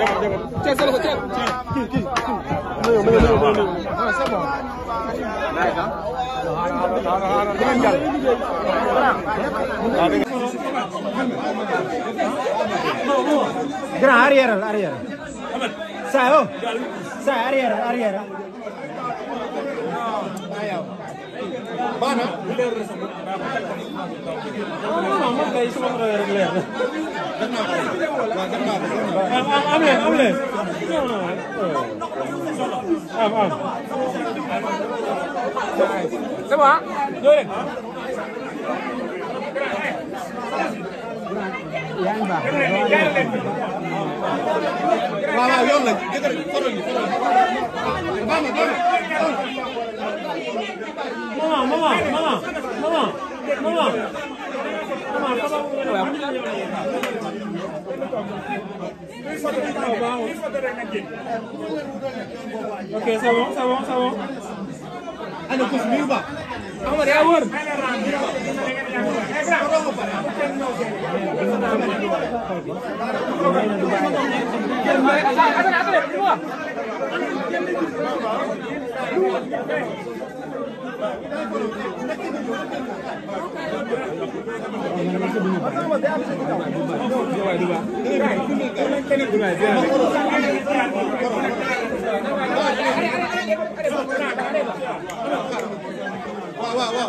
Tiens, tiens, tiens. Qui, qui, qui Non, non, non, non, non. Ah, c'est bon. Nice, hein Grand arrière, arrière. Ça, oh. Ça, arrière, arrière. Ah, yeah. maanaam. non non non man kay su ma ko doon rek leer na. am am am leen am leen. non non am am. c'est bon ah. ñoo leen. waaw waaw yoon lañ jëkkër foto bi foto bi. maman maman maman maman ok c'est bon c'est bon c'est bon. ana ko biir ba. Amady yaa wër. Thank you. waaw waaw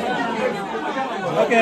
Woo!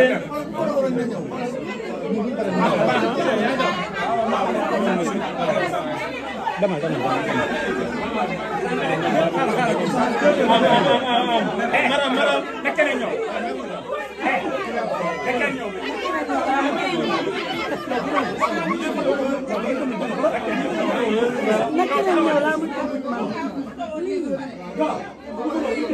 demal demal maram maram na keneen ñëw na keneen ñëw na keneen ñëw laa mujj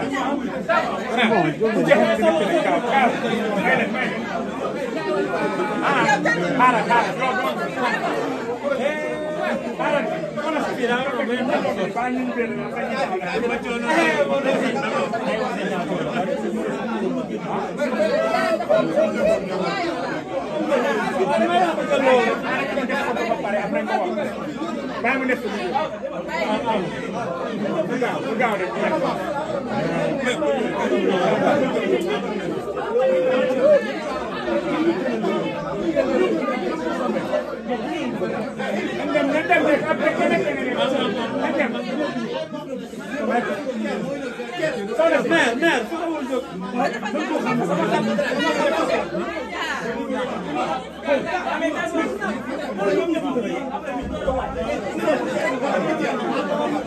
Para, para, para, bàyyi ma nekk bu gaaw bu gaaw rek Thank you.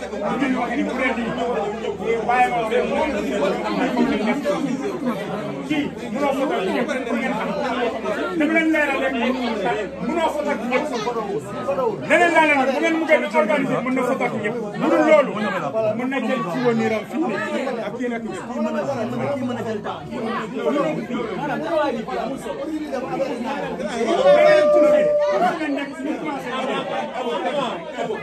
li ñuy wax ni bu dee nii waaye ma wax ne a dama leen leeral rek mënoo fa takk ñëpp leneen laa leen bu ngeen mën a organiser mën na fa takk ñëpp mënul loolu mën na jël ci woon niiram fi ak yéen ak ñëpp mën na jël temps beneen tur bi am na nekk ñu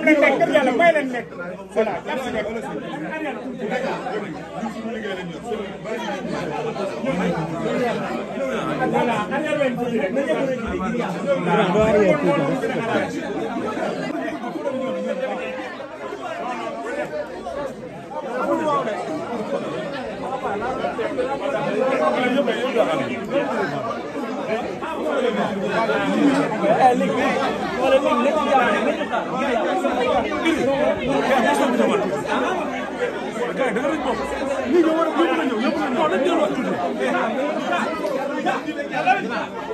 commencé dem leen nekk kër yàlla may leen nekk voilà merci Gel, gel, gel. ñi ñoo war a ñëpp na ñëw ñëpp na ñëw